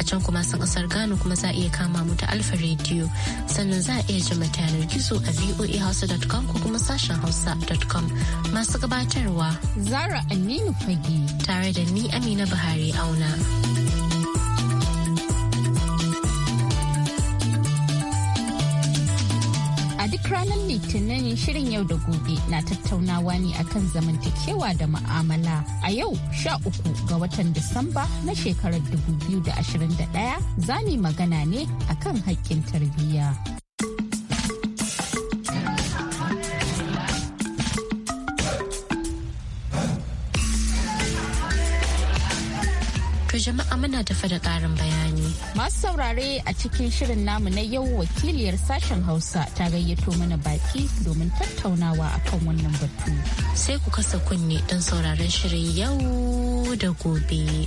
a can kuma san kasar Ghana kuma za a iya kama mu ta Alfa Radio sannan za a iya jima ta yanar gizo a voahausa.com ko kuma sashen hausa.com masu gabatarwa Zara Aminu Fage tare da ni Amina Buhari auna. Tunanin shirin yau da gobe na tattaunawa ne akan zamantakewa da ma'amala. A yau sha uku ga watan Disamba na shekarar 2021 za mu magana ne akan haƙƙin tarbiyya. To jama'a muna tafa da ƙarin bayani. Masu saurare a cikin shirin namu na yau wakiliyar sashen Hausa ta gayyato mana baki domin tattaunawa akan wannan batu. Sai ku kasa kunne don sauraron shirin yau da gobe.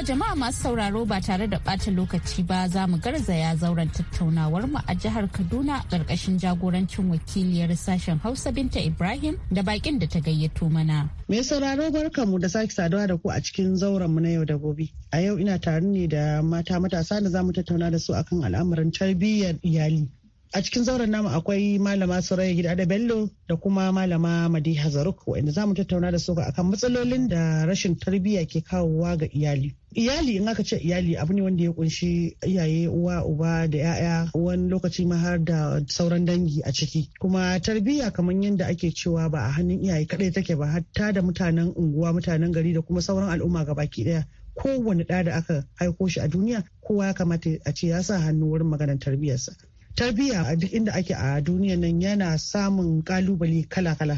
To jama'a masu sauraro ba tare da ɓata lokaci ba za mu garzaya zauren tattaunawar mu a jihar Kaduna ƙarƙashin jagorancin wakiliyar sashen Hausa Binta Ibrahim da bakin da ta gayyato mana. Mai sauraro barkamu da sake saduwa da ku a cikin zauren mu na yau da gobe. A yau ina tare ne da mata matasa da za mu tattauna da su akan al'amuran tarbiyyar iyali. a cikin zauren namu akwai malama Gida da Bello da kuma malama Madiha Zaruk wanda zamu tattauna da su akan matsalolin da rashin tarbiyya ke kawowa ga iyali. Iyali in aka ce iyali abu ne wanda ya kunshi iyaye uwa uba da ya'ya wani lokaci ma har da sauran dangi a ciki. Kuma tarbiyya kamar yadda ake cewa ba a hannun iyaye kadai take ba hatta da mutanen unguwa mutanen gari da kuma sauran al'umma gabaki daya. kowane ɗa da aka haiko shi a duniya kowa ya kamata a ce ya sa hannu wurin maganar tarbiyyarsa tarbiyya a duk inda ake a duniya nan yana samun kalubale kala-kala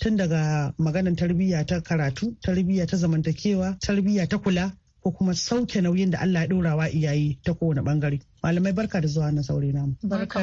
tun daga maganar tarbiyya ta karatu tarbiyya ta zamantakewa tarbiyya ta kula ko kuma sauke nauyin da Allah ya ɗorawa iyaye ta kowane bangare. Malamai barka da zuwa na saurina mu. Barka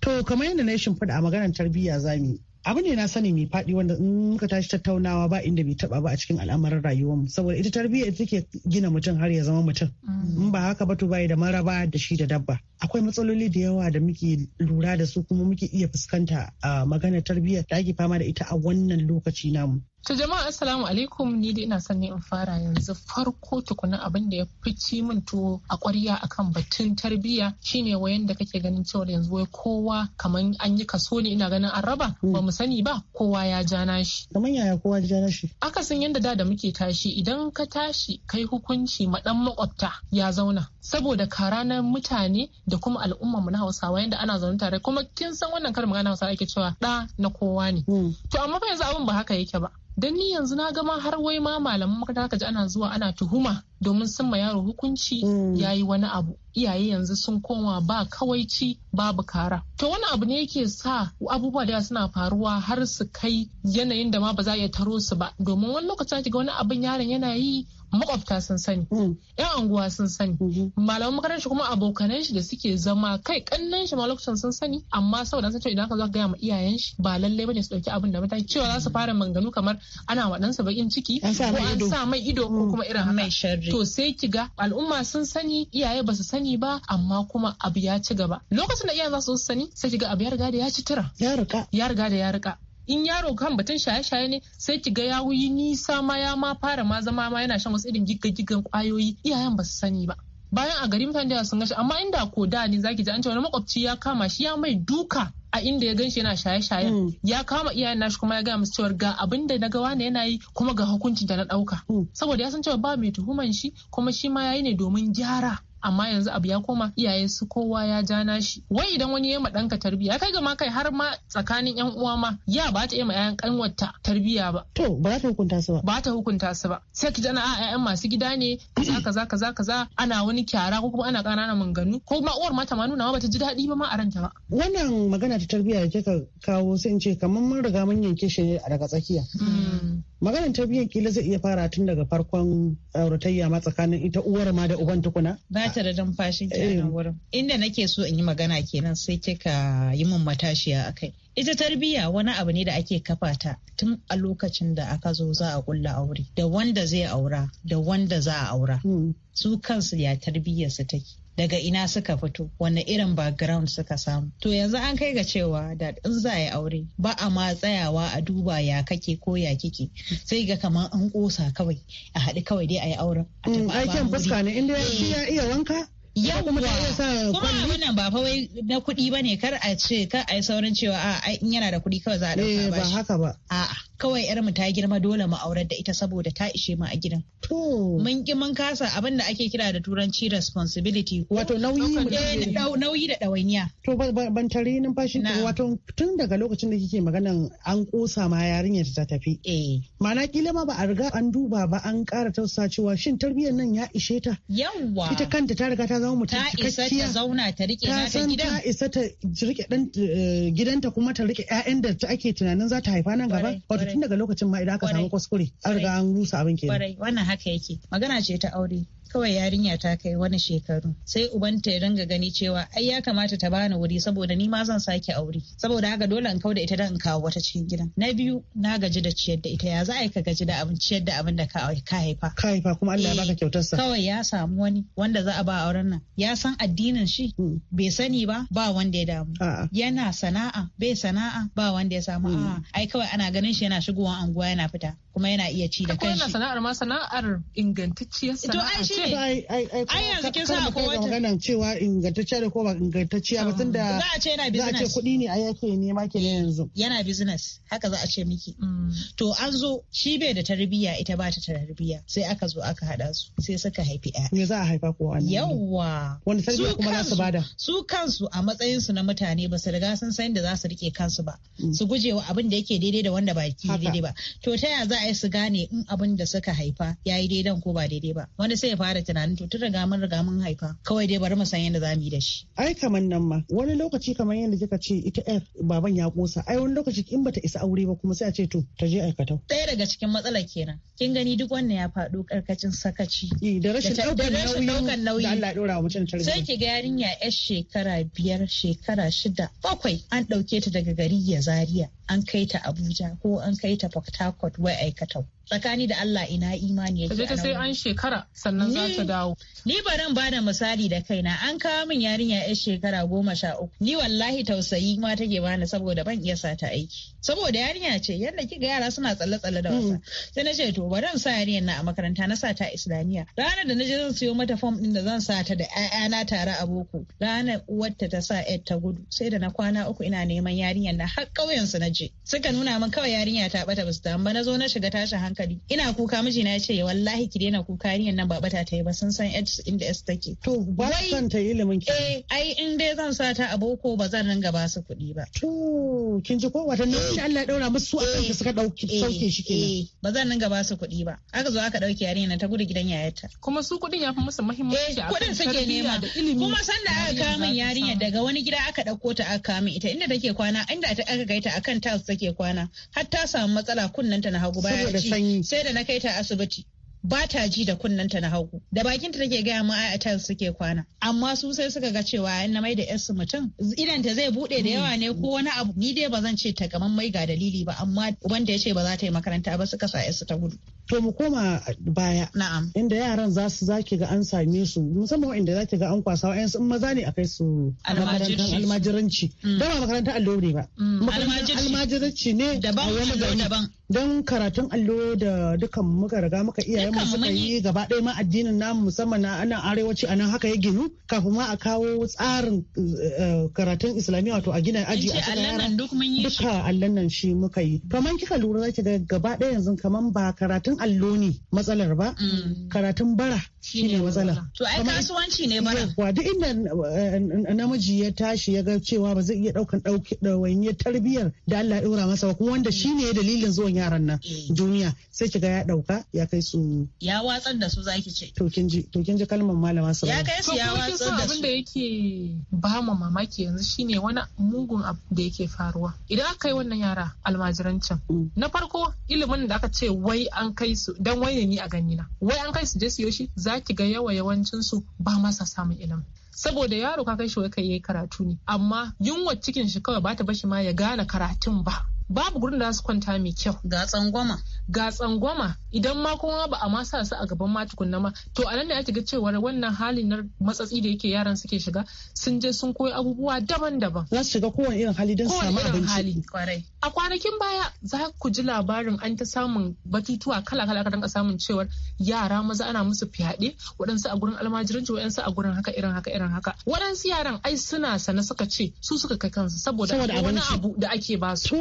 To kamar yadda na shimfiɗa a maganar tarbiyya zamu abu ne na sani mai faɗi wanda in ka tashi tattaunawa ba inda bai taba ba a cikin al'amarin mu. saboda ita tarbiyya ita take gina mutum har ya zama mutum mm. in ba haka ba to bai da maraba da shi da dabba akwai matsaloli da yawa da muke lura da su kuma muke iya fuskanta a magana tarbiyya da ake fama da ita a wannan lokaci namu To jama'a assalamu alaikum ni dai ina son ne in fara yanzu farko tukuna abin da ya fi min tuwo a ƙwarya akan batun tarbiyya shine wayan da kake ganin cewa yanzu wai kowa kaman an yi kaso ne ina ganin an raba hmm. ba mu sani ba kowa ya ja nashi. Kaman yaya kowa ya ja nashi? Akasin yanda da da muke tashi idan ka tashi kai hukunci ma dan makwabta ya zauna saboda kara na mutane da kuma al'ummarmu na hausawa yadda ana zaune tare kuma kin san wannan kalmar na hausawa ake cewa ɗa na kowa ne hmm. to amma fa yanzu abin ba haka yake ba dan ni yanzu na gama har wai ma malaman makaranta ji ana zuwa ana tuhuma domin sun ma yaro hukunci hmm. ya yi wani abu iyaye yanzu sun koma ba kawai ci babu kara to wani abu ne yake sa abubuwa da suna faruwa har su kai yanayin da ma ba za a iya taro su ba domin wani lokacin ga wani abin yaron yana yi makwabta sun sani mm. yan anguwa sun sani mm-hmm. malaman makarantar kuma abokanan shi da suke zama kai kannan shi ma lokacin sun sani amma saboda sun ce idan ka zo gaya ma iyayen shi ba lallai bane su dauki abin da mataki cewa za su fara manganu kamar ana wa ɗansa bakin ciki ko an sa mai ido ko mm. kuma irin haka to sai ki ga al'umma sun sani iyaye ba su sani ba amma kuma abu ya ci gaba lokacin da iyaye za su sani sai ki ga abu ya riga da ya ci tura ya riga ya riga da ya riga in yaro kan batun shaye-shaye ne sai ki ga ya wuyi nisa ma ya ma fara ma zama ma yana shan wasu irin gigan kwayoyi iyayen ba su sani ba bayan a gari mutane fanda sun gashi amma inda ko da ne zaki ji an ce wani makwabci ya kama shi ya mai duka a inda ya ganshi yana shaye-shaye mm. ya kama iyayen nashi kuma ya gaya musu cewa ga abin da gawa wani yana yi kuma ga hukuncin da na dauka mm. saboda ya san cewa ba mai tuhuman shi kuma shi ma yayi ne domin gyara amma yanzu abu ya koma iyaye su kowa ya ja nashi wai idan wani ya ma danka tarbiya kai ga ma kai har ma tsakanin yan uwa ma ya ba ta yi ma 'ya'yan kanwarta tarbiya ba to ba za ta hukunta su ba ba ta hukunta su ba sai ki jana a ƴaƴan masu gida ne ka za ka za ana wani kyara ko kuma ana ƙanana manganu ko ma uwar ta ma nuna ma bata ji daɗi ba ma a ranta ba wannan magana ta tarbiya da kika kawo sai in ce kamar mun riga mun yanke shi a daga tsakiya hmm. maganan ta biyan kila zai iya fara tun daga farkon auratayya eh, ma tsakanin ita uwar ma da uban tukuna ba ta da numfashin kenan eh. wurin inda nake so in yi magana kenan sai kika yi mun matashiya akai ita tarbiyya wani abu ne da ake kafa ta tun a lokacin da aka zo za a kulla aure da wanda zai aura da wanda za a aura hmm. su kansu ya tarbiyyarsu take daga ina suka fito wanne irin background suka samu to yanzu an kai ga cewa da in za a aure ba a ma tsayawa a duba ya kake ko ya kike sai ga kamar an kosa kawai a haɗu kawai dai a yi auren A mm, aikin fuska ne inda ya eh. iya wanka yawwa kuma wannan ba fa wai na kuɗi ba ne kar a ce ka a yi saurin cewa a in yana da kuɗi kawai za a ɗauka eh, ba haka ba a'a kawai yar mu ta girma dole mu aurar da ita saboda ta ishe mu a gidan to mun ki mun kasa abin da ake kira da turanci responsibility wato nauyi eh, nauyi da ɗawainiya to ban tare numfashi wato tun daga lokacin da kike maganan an kosa ma yarinyar ta tafi eh ma'ana kila ma ba a riga an duba ba an ƙara tausa cewa shin tarbiyyar nan ya ishe ta yawwa ita kanta ta riga ta zama mutum cikakkiya ta zauna ta rike ta san ta isa ta rike dan eh, gidanta kuma ta rike ƴaƴan da ta ake tunanin za ta haifa nan gaba wato tun daga lokacin ma idan aka samu kuskure an riga an rusa abin wannan haka yake magana ce ta aure kawai yarinya ta kai wani shekaru sai ubanta ya ringa gani cewa ai ya kamata ta bani wuri saboda ni ma zan sake aure saboda haka dole in kau da ita dan in kawo wata cikin gidan na biyu na gaji da ciyar da ita ya za a yi ka gaji da abin ciyar da abin da ka haifa ka haifa kuma Allah ya baka eh, kyautar sa kawai ya samu wani wanda za a ba auren nan ya san addinin shi hmm. bai sani ba ba wanda ya damu yana sana'a bai sana'a ba wanda ya samu hmm. a'a ai kawai ana ganin shi yana shigowa anguwa yana fita kuma yana iya ci da kanshi. Akwai sana'ar ma sana'ar ingantacciyar sana'a To ai ai ai yanzu kin sa akwai wata maganar cewa ingantacciya da kuma ingantacciya ba tunda za a ce yana business. Za a ce kuɗi ne ai yake nema ke eh, yanzu. Yana business haka za a ce miki. Mm. To an zo shi bai da tarbiyya ita ba ta tarbiyya sai aka zo aka haɗa su sai suka haifi ƴaƴa. Me za a haifa ko wannan? Yawwa. Wani tarbiyya kuma za su bada? Su kansu a matsayinsu na mutane ba su riga sun san da za su riƙe kansu ba. Mm. Su gujewa abin da yake daidai da wanda ba daidai ba. To ta yaya za iyaye su gane in abin da suka haifa ya yayi daidan ko ba daidai ba wani sai ya fara tunanin to tun riga mun riga mun haifa kawai dai bari mu san yadda zamu yi da shi ai kaman nan ma wani lokaci kamar yadda kika ce ita yar baban ya kosa ai wani lokaci in bata isa aure ba kuma sai a ce to ta je aikata ɗaya daga cikin matsalar kenan kin gani duk wannan ya faɗo karkacin sakaci e, da rashin ɗaukar nauyi da Allah ɗora wa mutum tarbiyya sai ki ga yarinya yar shekara biyar shekara shida bakwai an ɗauke ta daga gari ya Zariya an kai ta Abuja ko an kai ta Port Harcourt wai ma'aikatan tsakani da Allah ina imani yake ta sai an shekara sannan za ta dawo ni baran bada misali da kaina an kawo min yarinya yar shekara goma sha uku ni wallahi tausayi ma take bani saboda ban iya sa ta aiki saboda yarinya ce yadda kika yara suna tsalle tsalle da wasa mm. sai na ce to baran sa yarinyar na a makaranta na sa ta islamiyya. ranar da na je zan siyo mata fom din da zan sa ta da ƴaƴana tare a boko ranar uwarta ta sa ƴar ta gudu sai da na kwana uku ina neman yarinyar na har ƙauyensu na je suka nuna min kawai yarinya ta bata basu damu ba na zo na shiga tashin hankali hankali ina kuka mijina ya ce wallahi ki daina kuka ni nan ba bata ta yi ba sun san H inda S take to ba san ta yi ilimin ki eh ai in dai zan sa ta a boko ba zan ringa ba su kuɗi ba to kin ji ko wata nan Allah daura musu su akan suka dauki eh, sauke shi kenan eh, ba zan ringa ba su kuɗi ba aka zo aka dauki na ta gudu gidan yayarta kuma su kuɗin ya fi musu muhimmanci a eh, kuɗin suke nema kuma sanda aka kama yarinya daga wani gida aka dauko ta aka kama ita inda take kwana inda aka gaita akan tiles take kwana har ta samu matsala kunnanta na hagu baya ci sai da na kai ta asibiti ba ta ji da kunnanta na hagu da bakinta take gaya mu a tiles suke kwana amma su sai suka ga cewa na mai da yarsu mutum idanta zai bude da yawa ne ko wani abu ni dai ba zan ce mai ga dalili ba amma wanda ya ce ba za ta yi makaranta ba suka sa yarsu ta gudu to mu koma baya na'am inda yaran za su zaki ga an same su musamman inda zaki ga an kwasa wa in maza ne akai su almajiranci da mm. ba makarantar allo ne ba mm. almajiranci ne daban daban don karatun allo da dukan muka riga muka iyaye iyayen mu suka yi gaba ɗaya ma addinin namu musamman na nan arewaci a nan haka ya ginu kafin ma a kawo tsarin eh, eh, karatun islamiyya wato a gina aji a cikin yara duka allan nan shi muka yi kamar kika lura zaki ga gaba ɗaya yanzu kamar ba karatun allo ne matsalar ba mm. karatun bara shi ne matsala. To ai kasuwanci ne bara. wa duk inda eh, namiji ya tashi ya ga cewa ba zai iya daukan ya tarbiyar da Allah ya ɗora masa ba kuma wanda shi ne dalilin zuwan yaran nan mm. duniya sai kiga ya ɗauka ya kai su ya watsar da su zaki ce to kin ji kalmar malama su ya kai su ya watsar da su abin yake ba mu mamaki yanzu shine wani mugun abu da yake faruwa idan aka kai wannan yara almajirancin mm. na farko ilimin da aka ce wai an kai su dan wai ne a gani na wai an kai su je su yoshi zaki ga yawa yawancin su ba masa samun ilimi saboda yaro ka kai shi kai yayi karatu ne amma yunwa cikin shi kawai bata bashi ma ya gane karatun ba babu gurin da za su kwanta mai kyau ga tsangwama ga tsangwama idan ma kuma ba a ma sa su a gaban ma tukunna ma to a nan da ake ga cewar wannan halin na matsatsi da yake yaran suke shiga sun je sun koyi abubuwa daban-daban za su shiga kowane irin hali don samu abinci a kwanakin baya za ku ji labarin an ta samun batutuwa kala-kala ka dinga samun cewar yara maza ana musu fyaɗe waɗansu a gurin almajiranci waɗansu a gurin haka irin haka irin haka waɗansu yaran ai suna sana suka ce su suka kai kansu saboda wani abu da ake ba su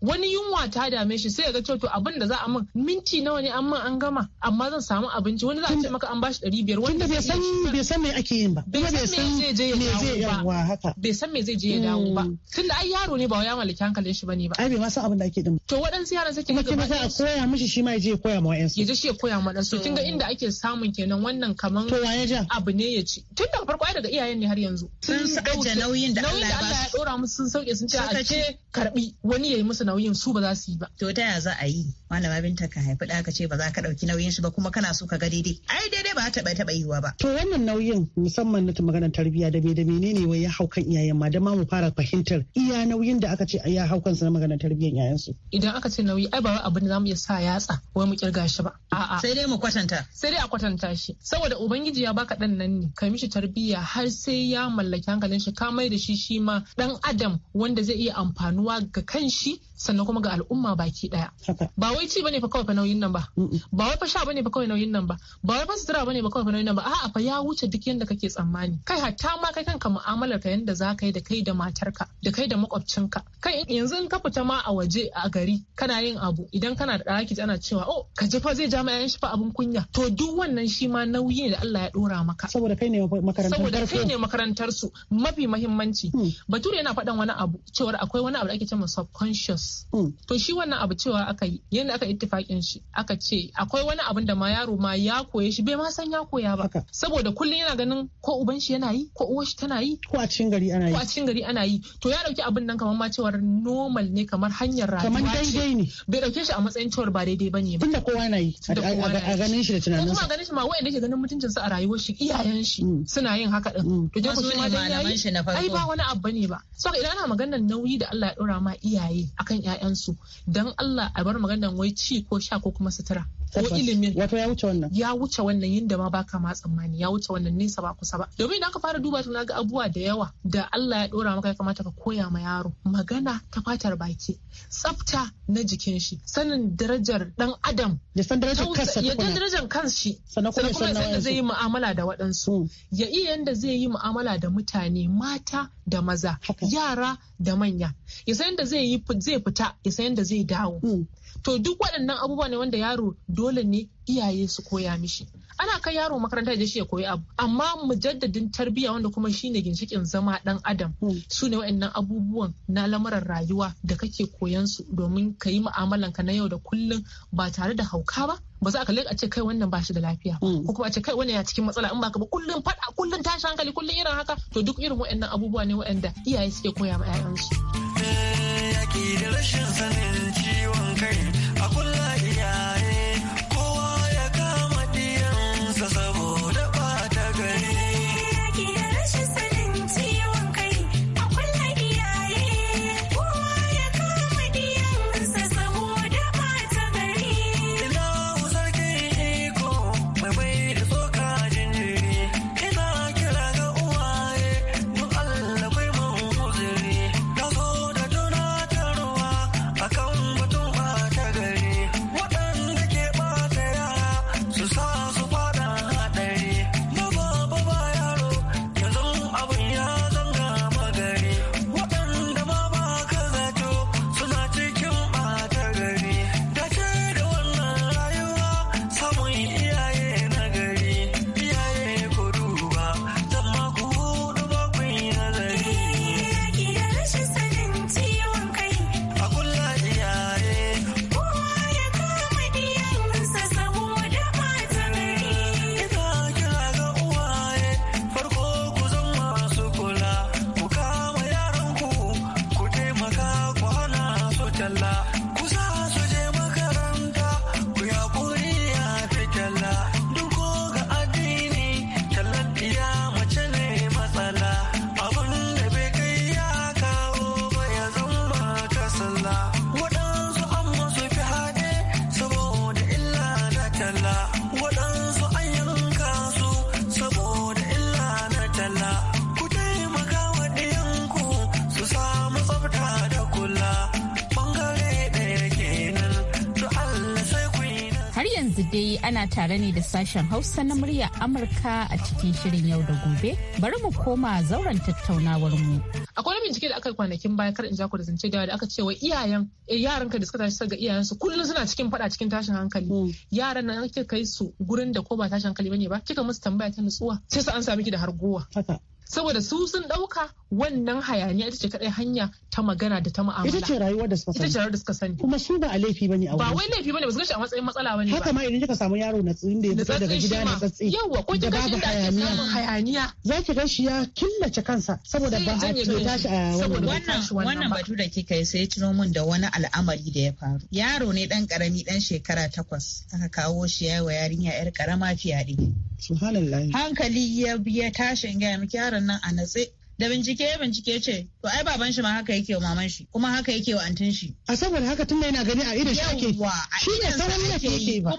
wani yunwa ta dame shi sai ya ga cewa to abin wani da za a min minti nawa ne amma min an gama amma zan samu abinci wani za a ce maka an bashi ɗari biyar wanda bai san bai san me ake yin ba bai san me zai je ya dawo ba bai san me zai je ya dawo ba tunda ai yaro ne ba ya mallaki hankalin shi bane ba ai bai ma san abin da ake din to waɗansu yaran suke ga ba a koya mishi shi ma ya je ya koya ma wa'ansu ya je shi ya koya ma ɗansu kinga inda ake samun kenan wannan kaman to waye ja abu ne ya ci tun daga farko ai daga iyayen ne har yanzu sun saka nauyin da Allah ya ba su musu sun sauke sun ce a ce karbi wani yi musu nauyin su ba za su yi ba to ta ya za a yi malama binta ka haifi da aka ce ba za ka dauki nauyin shi ba kuma kana so ka ga daidai ai daidai ba taba taba yiwa ba. to wannan nauyin musamman na maganar tarbiyya da me da menene wai ya hau kan iyayen ma da ma mu fara fahimtar iya nauyin da aka ce ya hau kansu na maganar tarbiyyar iyayen su. idan aka ce nauyi ai ba wai abin da zamu mu iya sa yatsa wai mu kirga shi ba. a'a sai dai mu kwatanta. sai dai a kwatanta shi saboda ubangiji ya baka dan nan ne ka mishi tarbiyya har sai ya mallaki hankalin shi ka mai da shi shi ma dan adam wanda zai iya amfanuwa ga kanshi sannan kuma ga al'umma baki daya ba wai ci bane fa kawai fa nauyin nan ba ba wai fa sha bane fa kawai nauyin nan ba ba wai fa sutura bane fa kawai fa nauyin nan ba a'a fa ya wuce duk yanda kake tsammani kai hatta ma kai kanka mu'amalar ka yanda za ka yi da kai da matarka da kai da makwabcinka kai yanzu in ka fita ma a waje a gari kana yin abu idan kana da ɗaki ana cewa oh ka je fa zai ja ma yayin shi fa abun kunya to duk wannan shi ma nauyi ne da Allah ya dora maka saboda kai ne makarantar saboda kai ne makarantar su mafi muhimmanci hmm. bature yana faɗan wani abu cewa akwai wani abu da ake cewa subconscious hmm. to shi wannan abu cewa aka yi yadda aka ittifakin shi aka ce akwai wani abin da ma yaro ma ya koye shi bai ma san ya koya ba saboda kullum yana ganin ko uban shi yana yi ko uwar shi tana yi ko a cikin gari ana yi ko a cikin gari ana yi to ya dauki abin nan kamar ma cewar normal ne kamar hanyar rayuwa kamar daidai ne bai dauke shi a matsayin cewar ba daidai bane ba tunda kowa yana yi a ganin shi da tunanin kuma ganin shi ma wanda ke ganin mutuncin sa a rayuwar shi iyayen shi mm. suna yin haka din mm. to je su ma malaman shi na farko ai ba wani abu bane ba so idan ana maganar nauyi da Allah ya dora ma iyaye akan ƴaƴansu dan Allah a bar maganar wai ci ko sha ko kuma sutura ko ilimin wato ya wuce wannan ya wuce wannan yinda ma baka ma tsammani ya wuce wannan nesa ba kusa ba domin idan ka fara duba tuna ga abubuwa da yawa da Allah ya dora maka ya kamata ka koya ma yaro magana ta fatar baki tsafta na jikin shi sanin darajar dan adam ya san darajar kansa ya san darajar kanshi sannan kuma yadda zai yi mu'amala da waɗansu hmm. ya iya yanda zai yi mu'amala da mutane mata da maza yara da manya ya san yanda zai yi zai fita ya san yanda zai dawo hmm. to duk waɗannan abubuwa ne wanda yaro dole ne iyaye su koya mishi ana kai yaro makaranta da shi ya koyi abu amma mujaddadin tarbiyya wanda kuma shine ginshikin zama dan adam hmm. su ne waɗannan abubuwan na lamuran rayuwa da kake koyan su domin ka yi mu'amalan ka na yau da kullum ba tare da hauka ba ba za a kalli ce kai wannan ba shi da lafiya hmm. ko kuma a ce kai wannan ya cikin matsala in ba ka ba kullum fada kullum tashi hankali kullum irin haka to duk irin waɗannan abubuwa ne waɗanda iyaye suke koya ma 'ya'yansu. tare ne da sashen Hausa na murya Amurka a cikin shirin yau da gobe. Bari mu koma zauren tattaunawar mu. Akwai bincike da aka yi kwanakin baya kar in ku da zance da aka ce wa iyayen eh, yaran ka da suka tashi ga iyayen su kullum suna cikin fada cikin tashin hankali. Hmm. Yaran nan kika kai su gurin da ko ba tashin hankali bane ba kika musu tambaya ta nutsuwa sai su an sami ki da hargowa. saboda su sun dauka wannan hayaniya ita ce kadai hanya ta magana da ta mu'amala ita ce rayuwar da suka sani ita ce rayuwar da suka sani kuma su ba a laifi bane a ba wai laifi bane ba su gashi a matsayin matsala bane haka ma idan kika samu yaro na tsin da ya daga gida na tsatsi yawa ko kika gashi da ake samun hayaniya zaki ki shi ya killace kansa saboda ba a ce tashi a wannan wannan batu da kika yi sai tuno mun da wani al'amari da ya faru yaro ne dan karami dan shekara takwas aka kawo shi ya wa yarinya yar karama fiyaɗe subhanallah hankali ya biya tashin gaya miki yaron nan a natse da bincike ya bincike ce to ai baban shi ma haka yake wa maman shi kuma haka yake wa antin shi a saboda haka tun yana gani a idan shi ake shi ne sauran yana ke yi ba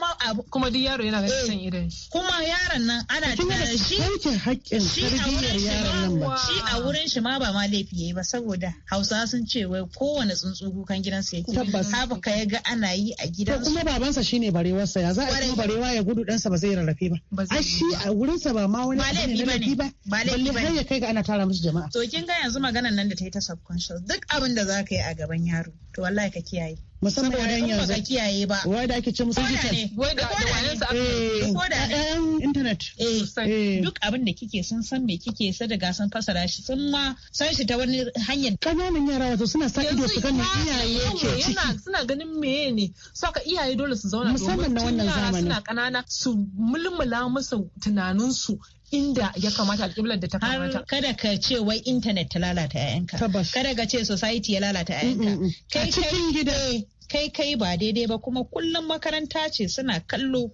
kuma duk yaro yana ganin san eh, idan shi kuma yaron nan ana tana shi haƙƙin tarbiyyar yaron nan ba shi a wurin shi ma ba ma laifi yayi ba saboda Hausa sun ce wai kowane tsuntsu kukan gidansa yake tabbas haka ya ga ana yi a gidansa kuma babansa shine sa ya za a yi barewa ya gudu sa ba zai rarrafe ba a shi a wurin sa ba ma wani ba laifi ba ne ba laifi ba ne har ya kai ga ana tara musu jama'a to kin ga yanzu maganar nan da ta yi ta subconscious duk abin da za ka yi a gaban yaro to wallahi ka kiyaye musamman wadan yanzu ba ka kiyaye ba wai da ake ce musu digital wai da wani su ko da ɗan internet eh, eh. duk abin da kike sun san me kike sai daga sun fasara shi sun ma san shi ta wani hanyar kananan yara wato suna sa ido su kan iyaye ke ciki suna ganin meye ne So ka iyaye dole su zauna musamman na wannan zamanin suna kanana su mulmula musu tunanin su inda ya kamata alƙiblar da ta kamata. Kada ka ce wai intanet ta lalata 'ya'yanka. Kada ka ce society ya lalata 'ya'yanka. Mm, mm, mm. eh, kai kai ba daidai ba kuma kullum makaranta ce suna kallo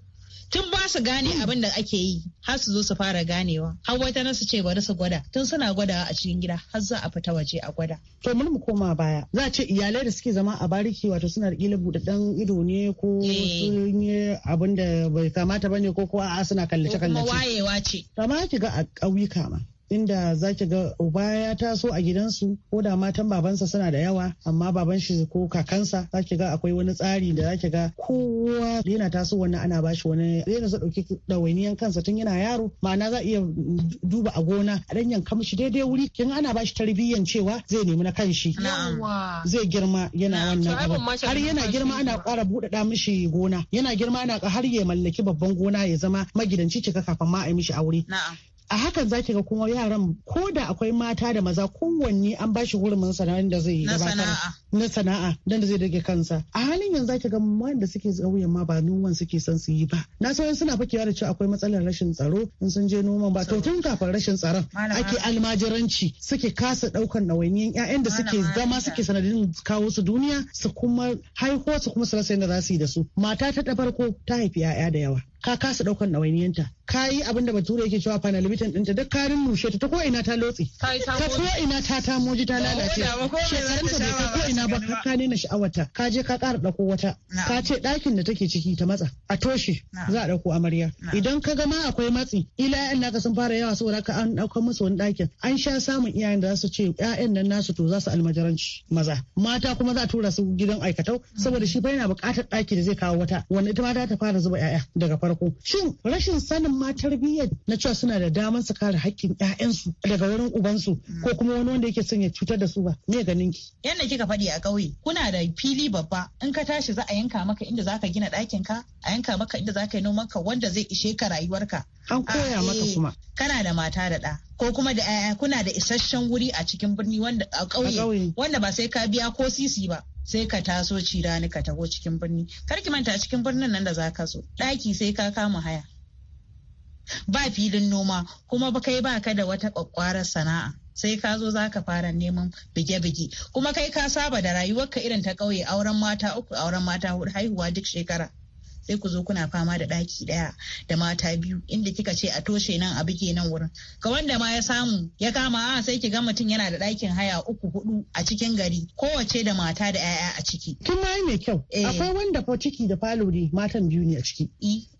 tun ba su gane abin da ake yi har su zo su fara ganewa har wata nasu ce bari su gwada tun suna gwadawa a cikin gida har za a fita waje a gwada to mun mu koma baya za a ce iyalai da suke zama a bariki wato suna da da dan ido ne ko eh. sun yi abin da bai kamata bane ko ko a'a suna kallace kallace kuma wayewa ce kamar ki ga a ƙauyuka ma inda za ki ga uba ya taso a gidansu ko da matan babansa suna da yawa amma baban shi ko kakansa za ki ga akwai wani tsari da za ki ga kowa yana taso wannan ana bashi wani yana sa ɗauki kansa tun yana yaro ma'ana za iya duba a gona a danyen kamshi daidai wuri kin ana bashi tarbiyyan cewa zai nemi na kanshi zai girma yana wannan har yana girma ana ƙara buɗaɗa mishi gona yana girma ana har ya mallaki babban gona ya zama magidanci cika kafin ma a yi mishi aure a hakan za ga kuma yaran ko da akwai mata da maza kowanne an bashi hurumin sana'ar da zai yi na sana'a dan da zai dage kansa a halin yanzu za ki ga da suke zauye ma ba noman suke son su yi ba na sauran suna fakewa da cewa akwai matsalar rashin tsaro in sun je noman ba to tun kafin rashin tsaron ake almajiranci suke kasa daukan ɗawainiyan 'ya'yan da suke zama suke sanadin kawo su duniya su kuma haihuwa su kuma su rasa yadda za su yi da su mata ta farko ta haifi 'ya'ya da yawa ka kasa daukan ɗawainiyanta ka yi abin da bature yake cewa final limitin ɗinta duk karin nushe ta ko ina ta lotse ta ko ina ta moji ta lalace shekarunta bai ta ko ina ba ka nena sha'awarta ka je ka ƙara ɗauko wata ka ce ɗakin da take ciki ta matsa a toshe za a ɗauko amarya idan ka ga ma akwai matsi ila yan naka sun fara yawa saboda ka an ɗauko musu wani ɗakin an sha samun iyayen da za su ce ƴaƴan nan nasu to za su almajiranci maza mata kuma za a tura su gidan aikatau mm. saboda shi fa yana buƙatar ɗaki da zai kawo wata wanda ita ma ta fara zuba ƴaƴa daga farko farko shin rashin sanin ma tarbiyyar na cewa suna da damar su kare hakkin ƴaƴansu daga wurin ubansu ko kuma wani wanda yake son ya cutar da su ba me ganin ki yanda kika faɗi a ƙauye kuna da fili babba in ka tashi za a yanka maka inda zaka gina ɗakin ka a yanka maka inda zaka yi noman ka wanda zai ishe ka rayuwarka an koya ah, maka eh, kuma kana da mata da ɗa ko kuma da kuna da isasshen wuri a cikin birni wanda a ƙauye wanda ba sai ka biya ko sisi ba sai ka taso ci rani ka taho cikin birni kar ki manta cikin birnin nan da za ka zo ɗaki sai ka kama haya ba filin noma kuma ba kai ba ka da wata kwakwarar sana'a sai ka zo za ka fara neman bige-bige kuma kai ka saba da rayuwarka irin ta ƙauye auren mata uku auren mata hudu haihuwa duk shekara sai ku zo kuna fama da ɗaki ɗaya da mata biyu inda kika ce a toshe nan a bige nan wurin ga wanda ma ya samu ya kama a ah, sai ki ga mutum yana da ɗakin haya uku hudu a cikin gari kowace da mata da 'ya'ya a ciki kin ma mai kyau eh. akwai wanda ko ciki da falo ne matan biyu ne a ciki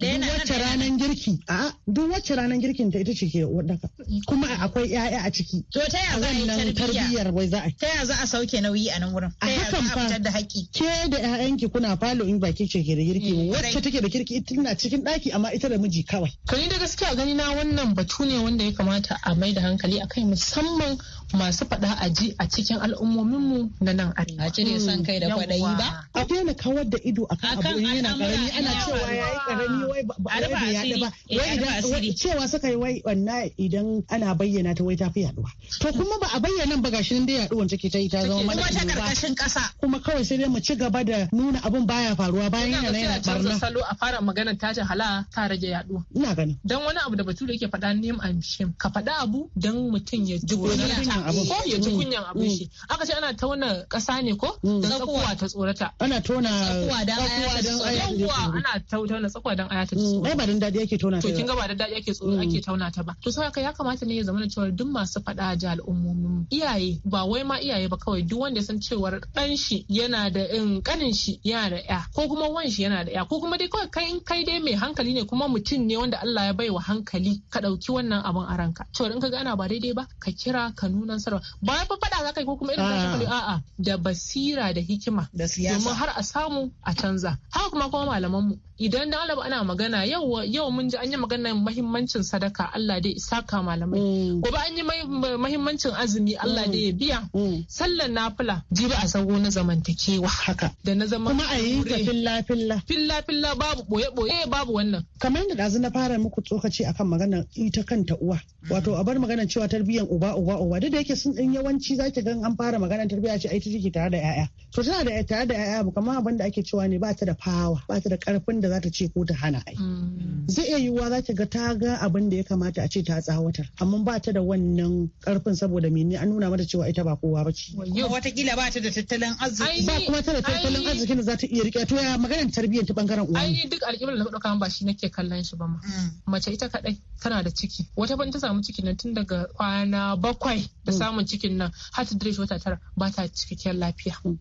duk wacce ranan girki a duk wacce ranan girkin ta ita ce ke wadaka kuma akwai 'ya'ya a ciki to ta ya za a yi tarbiyyar wai za a ta ya za a sauke nauyi a nan wurin ta yaya za a fitar da haƙi ke da ƴaƴanki kuna falo in ba ke ce ke da girki eh, wacce take da kirki ita tana cikin daki. amma ita da miji kawai. To ni da gaskiya gani na wannan batu ne wanda ya kamata a mai da hankali a kai musamman masu faɗa a ji a cikin al'ummominmu na nan a A cire san kai da hmm, kwaɗayi ba. A na kawar da ido akan abu yana karami ana cewa ya yi karami wai ba a raba yaɗa ba. Wai idan cewa suka yi wai wannan idan ana bayyana ta wai ta fi yaɗuwa. To kuma ba a bayyana ba gashi nan dai yaɗuwan take ta yi ta zama mana. Kuma ta ƙarƙashin ƙasa. Kuma kawai sai dai mu ci gaba da nuna abin baya faruwa bayan yana yana barna. salo a fara maganar tashin hala ta rage yaduwa ina gani dan wani abu da da yake faɗa name an shame ka faɗa abu dan mutum ya ji ko ya ji mm. kunyan abu shi mm. aka ce ana wani ƙasa ne ko mm. dan tsakuwa ta tsorata ana tona tsakuwa dan aya ta tsorata ana tauna tsakuwa dan aya ta tsorata ai ba dan dadi yake tona ta to kin ga ba dan dadi yake tsoro ake tauna ta ba to sai ya kamata ne ya zama cewa duk masu faɗa ji al'ummomin iyaye ba wai ma iyaye ba kawai duk wanda ya san cewar dan shi yana da in kanin shi yana da ya ko kuma wan shi yana da ya ko kuma kuma dai kawai kai in kai dai mai hankali ne kuma mutum ne wanda Allah ya baiwa hankali ka ɗauki wannan abin a ranka to in ka gana ba daidai ba ka kira ka nuna sarwa ba fa faɗa za ka yi ko kuma irin a'a da basira da hikima domin har a samu a canza haka kuma kuma malaman mu idan da Allah ana magana yau yau mun ji an yi magana muhimmancin sadaka Allah dai saka malamai mm. gobe an yi mahimmancin azumi Allah dai ya mm. biya mm. sallan nafila jibi a sago na zamantakewa haka da na zama kuma a yi ta zalla babu boye-boye babu wannan. Kamar yadda ɗazu na fara muku tsokaci akan magana ita kanta uwa. Wato a bar magana cewa tarbiyyar uba uba uba duk da yake sun ɗan yawanci zaki ki gan an fara magana tarbiyya ce aita ciki tare da 'ya'ya. To tana da tare da 'ya'ya kamar abin da ake cewa ne ba ta da fawa ba ta da karfin da za ta ce ko ta hana ai. Mm. zai iya yiwuwa za ta ga ta ga abin da ya kamata a ce ta tsawatar amma ba ta da wannan karfin saboda mene an nuna mata cewa ita ba kowa ba ce. Yau watakila ba ta da tattalin arziki. Ba kuma ta da tattalin arzikin da za ta iya rike to maganar tarbiyyar ta bangaren uwa. Ai duk al'ummar da ɗauka ba shi nake kallon shi ba ma. Mm. Mace ita kaɗai tana da ciki wata ban ta samu cikin nan tun daga kwana bakwai da mm. samun cikin nan har ta dire wata tara ba ta cikakken lafiya. Mm.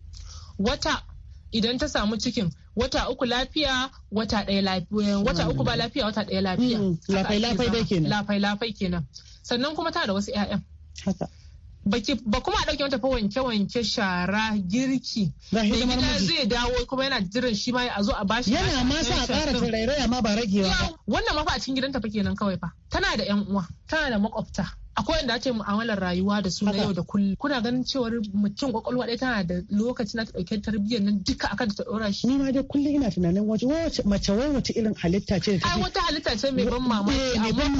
Wata idan ta samu cikin wata uku lafiya wata ɗaya lafiya wata uku ba mm. lafiya wata ɗaya lafiya mm, lafai lafai dai kenan lafai lafai kenan sannan kuma tana da wasu ƴaƴan haka ba kuma a ɗauke mata fa wanke wanke shara girki da gida zai dawo kuma yana jiran shi ma a zo a bashi yana ma sa a ƙara tarairaya ma ba ragewa wannan ma fa a cikin gidanta fa kenan kawai fa tana da ƴan uwa tana da maƙwabta. akwai wanda ake mu'amalar rayuwa da su na yau da kullum kuna ganin cewar mutum kwakwalwa ɗaya tana da lokaci na ta ɗauke tarbiyyar nan duka akan ta ɗora shi. ni ma dai kullum ina tunanin wace mace wai wace irin halitta ce. ai wata halitta ce mai ban mamaki eh, amma ban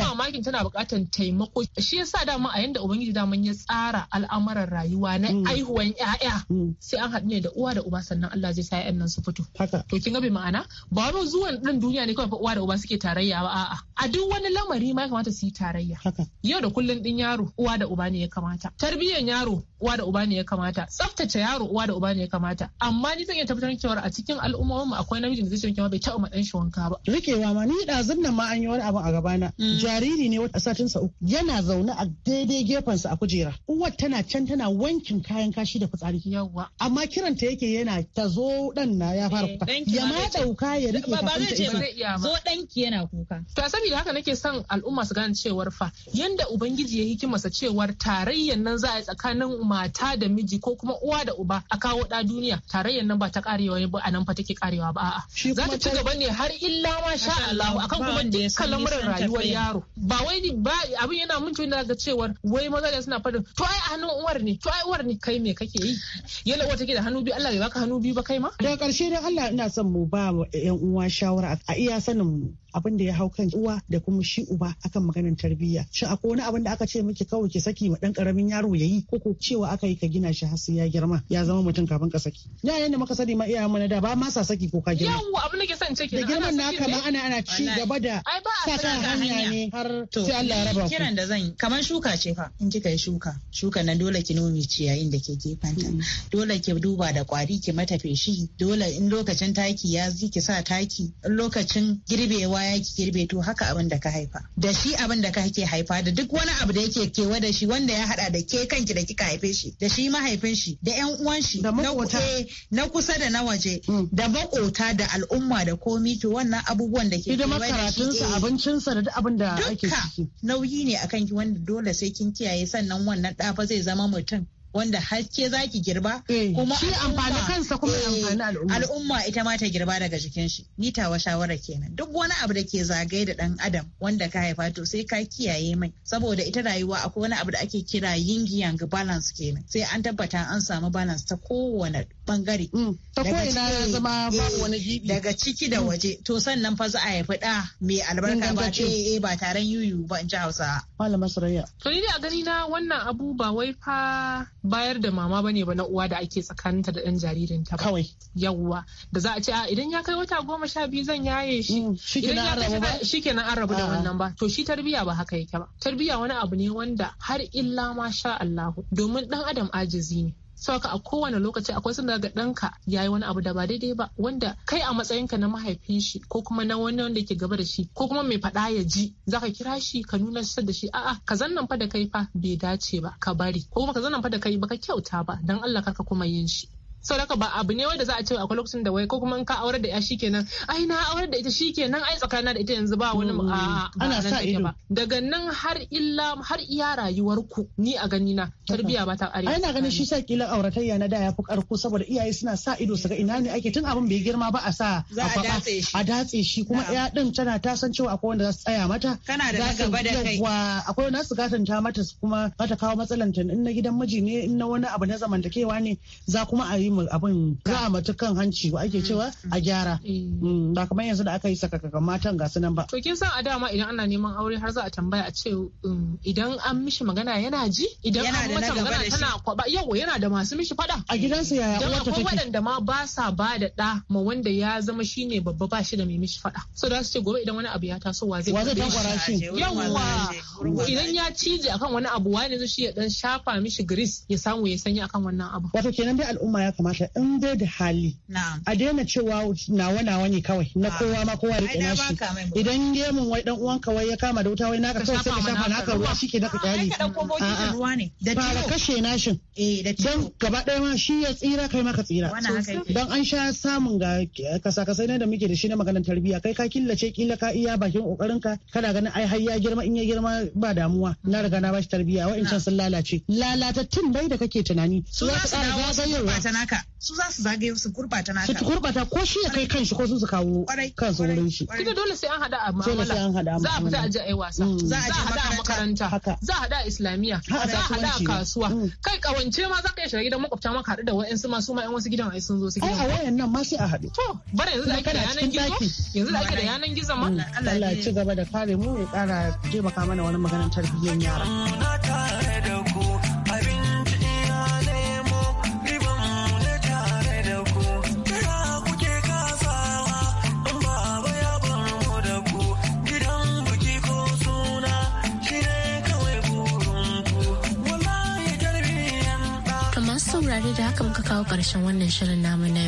mamakin tana buƙatar taimako shi yasa dama a yanda ubangiji daman ya tsara al'amuran rayuwa na mm. aihuwan ƴaƴa mm. sai an haɗu ne da uwa da uba sannan Allah zai sa ƴaƴan nan su fito. to kin ga bai ma'ana ba wani zuwan ɗan duniya ne kawai uwa da uba suke tarayya ba a'a a duk wani lamari ma ya kamata su yi tarayya. yau da kullun din yaro uwa da uba ne ya kamata tarbiyyar yaro uwa da uba ne ya kamata tsaftace yaro uwa da uba ne ya kamata amma ni zan iya tabbatar cewa a cikin mu akwai namijin da zai ce bai taɓa ma shi wanka ba rikewa ma ni da nan ma an yi wani abu a gabana mm. jariri ne wata satin sa uku yana zaune a daidai gefen sa a kujera uwar tana can tana wankin kayan kashi da fitsari yawa amma kiranta yake yana ta zo dan na ya fara eh, kuka ya ma dauka ya rike ba zai ce zo danki yana kuka to saboda haka nake son al'umma su gane cewar fa yanda ubangiji ya hikimarsa cewar tarayyan nan za a yi tsakanin mata da miji ko kuma uwa da uba a kawo da duniya tarayyan nan ba ta karewa ba a nan fa take karewa ba a'a za ta ci gaba ne har illa ma sha Allah akan kuma dukkan lamuran rayuwar yaro ba wai ni ba abin yana mun tuna ga cewar wai maza da suna fadin to ai hannun uwar ne to ai uwar ne kai me kake yi yana uwar take da hannu biyu Allah bai baka hannu biyu ba kai ma daga karshe dan Allah ina son mu ba yan uwa shawara a iya sanin abin da ya hau kan uwa da kuma shi uba akan maganin tarbiyya shin akwai wani abin da aka ce miki kawai ki saki ma dan karamin yaro yayi ko ko cewa aka yi ka gina shi har sai ya girma ya zama mutum kafin ka saki ya yanda muka sani ma iyayen na da ba ma sa saki ko ka girma yawo abin da ke san ce da girman naka ma ana ana ci gaba da saka hanya ne har sai Allah ya raba ku kiran da zan kamar shuka ce fa in kika yi shuka shuka nan dole ki nome ciyayin da ke gefanta mm. dole ki duba da kwari ki mata feshi dole in lokacin taki ya zi ki sa taki in lokacin girbewa kowa ya girbe to haka abin da ka haifa da shi abin da ke haifa da duk wani abu da yake kewa da shi wanda ya hada da ke kanki da kika haife shi da shi mahaifin shi da yan uwan shi eh, na kusa da na waje mm. da makota da al'umma da komi to wannan abubuwan da ke kewa da shi eh. abincinsa da duk abin da ake ciki nauyi ne akan ki wanda dole sai kin kiyaye sannan wannan dafa zai zama mutum wanda haske ki girba eh, kuma shi amfani kansa kuma amfani eh, al'umma al'umma ita ma ta girba daga jikin shi ni wa shawara kenan duk wani abu da ke zagaye da dan adam wanda ka haifa to sai ka kiyaye mai saboda ita rayuwa akwai wani abu da ake kira yin yang balance kenan sai an tabbata an samu balance ta kowane bangare mm, ta ina ya zama ba eh, wani gibi daga ciki da mm. waje to sannan fa za a haifi da mai albarka ba ce ba taren yuyu ba in ji hausa malama sarayya to ni a gani na wannan abu ba wai fa bayar da mama bane ba na uwa da ake tsakaninta da ɗan jaririn ta kawai yawwa da za a ce a ah, idan ya kai wata goma sha biyu zan yaye shi mm, ke an rabu da ah. wannan ba to shi tarbiyya ba haka yake ba tarbiya wani abu ne wanda har illa ma sha Allahu domin ɗan adam ajizi ne ka a kowane lokaci akwai sun ga ɗanka yi wani abu da ba daidai ba wanda kai a matsayinka na mahaifin shi ko kuma na wani wanda ke gaba da shi ko kuma mai faɗa ya ji za ka kira shi ka nuna shi da shi a'a ka zannan fa da kai fa bai dace ba ka bari ko kuma ka zannan fa da kai ba ka kyauta ba don Allah kar ka kuma yin shi saboda ba abu ne wanda za a ce akwai lokacin da wai ko kuma ka aure da ya shikenan ai na aure da ita shikenan ai tsakanin da ita yanzu ba wani a ana sa ido daga nan har illa har iya rayuwar ku ni a gani na tarbiya ba ta ai na ganin shi sa kila auratayya na da ya fi karko saboda iyaye suna sa ido su ga ina ne ake tun abin bai girma ba a sa a datse shi a shi kuma ya din tana ta san cewa akwai wanda za su tsaya mata kana da na gaba da kai akwai wanda su gatanta mata kuma ba ta kawo matsalan in na gidan miji ne in na wani abu na zamantakewa ne za kuma a yi mu abin mace kan hanci wa ake mm. cewa a gyara mm. Mm. ba kamar yanzu da aka yi ga matan gasu nan ba to kin san a dama idan ana neman aure har za a tambaya a ce um, idan an mishi magana yana ji idan an mata magana tana kwaba yau yana da masu mishi fada a gidansa yaya uwar ta take waɗanda ma ba sa ba da ɗa ma wanda ya zama shine babba ba shi da mai mishi fada so da su ce gobe idan wani abu ya taso wa zai tankwara shi Yawwa idan ya cije akan wani abu wani zai shi ya dan shafa mishi gris ya samu ya sanya akan wannan abu wato kenan dai al'umma ya kamata in bai da hali a daina cewa nawa nawa ne kawai na kowa ma kowa rike shi. idan gemun wai dan uwan wai ya kama da wuta wai naka kawai sai ka shafa naka ruwa shi ke naka kyali fara kashe nashin eh, don gaba ɗaya ma shi ya tsira kai maka tsira don an sha samun ga kasa-kasai na da muke da shi na maganar tarbiyya kai ka killace kila ka iya bakin Ka kana ganin ai har ya girma in ya girma ba damuwa na riga na bashi tarbiyya can sun lalace lalatattun dai da kake tunani su za su ƙara zagayarwa haka su za su zagaye su gurbata naka su gurbata ko shi ya kai kanshi ko su su kawo kansu wurin shi kuma dole sai an hada a ma'amala za a fita a je ai wasa mm. za a je makaranta za a hada a islamiya za a hada a kasuwa mm. kai kawance ma za ka iya shiga gidan makwabta ma ka hadu da wa'ansu ma su ma yan wasu gidan ai sun zo su gidan a wayan nan ma sai a hadu to bare yanzu da ake da yanan gizo yanzu da ake da yanan gizo ma Allah ya ci gaba da kare mu ya kara taimaka mana wani maganar tarbiyyar yara haka muka kawo karshen wannan shirin namu na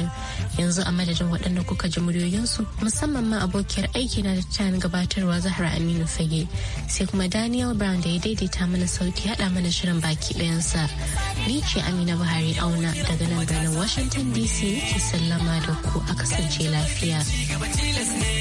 yanzu a madadin waɗanda kuka ji muryoyinsu musamman ma abokiyar aiki na da can gabatarwa Zahra Aminu Fage sai kuma Daniel Brown da ya daidaita mana sauti haɗa mana shirin baki ɗayansa. Ni ce Amina Buhari Auna daga nan birnin Washington DC ke sallama da ku a kasance lafiya.